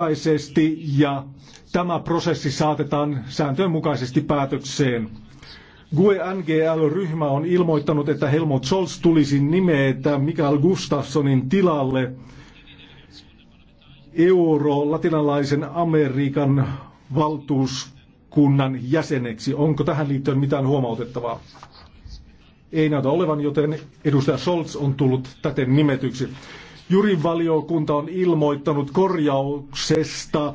mukaisesti ja tämä prosessi saatetaan sääntöjen mukaisesti päätökseen. GUE NGL-ryhmä on ilmoittanut, että Helmut Scholz tulisi nimetä Mikael Gustafssonin tilalle euro-latinalaisen Amerikan valtuuskunnan jäseneksi. Onko tähän liittyen mitään huomautettavaa? Ei näytä olevan, joten edustaja Scholz on tullut täten nimetyksi. Jurin valiokunta on ilmoittanut korjauksesta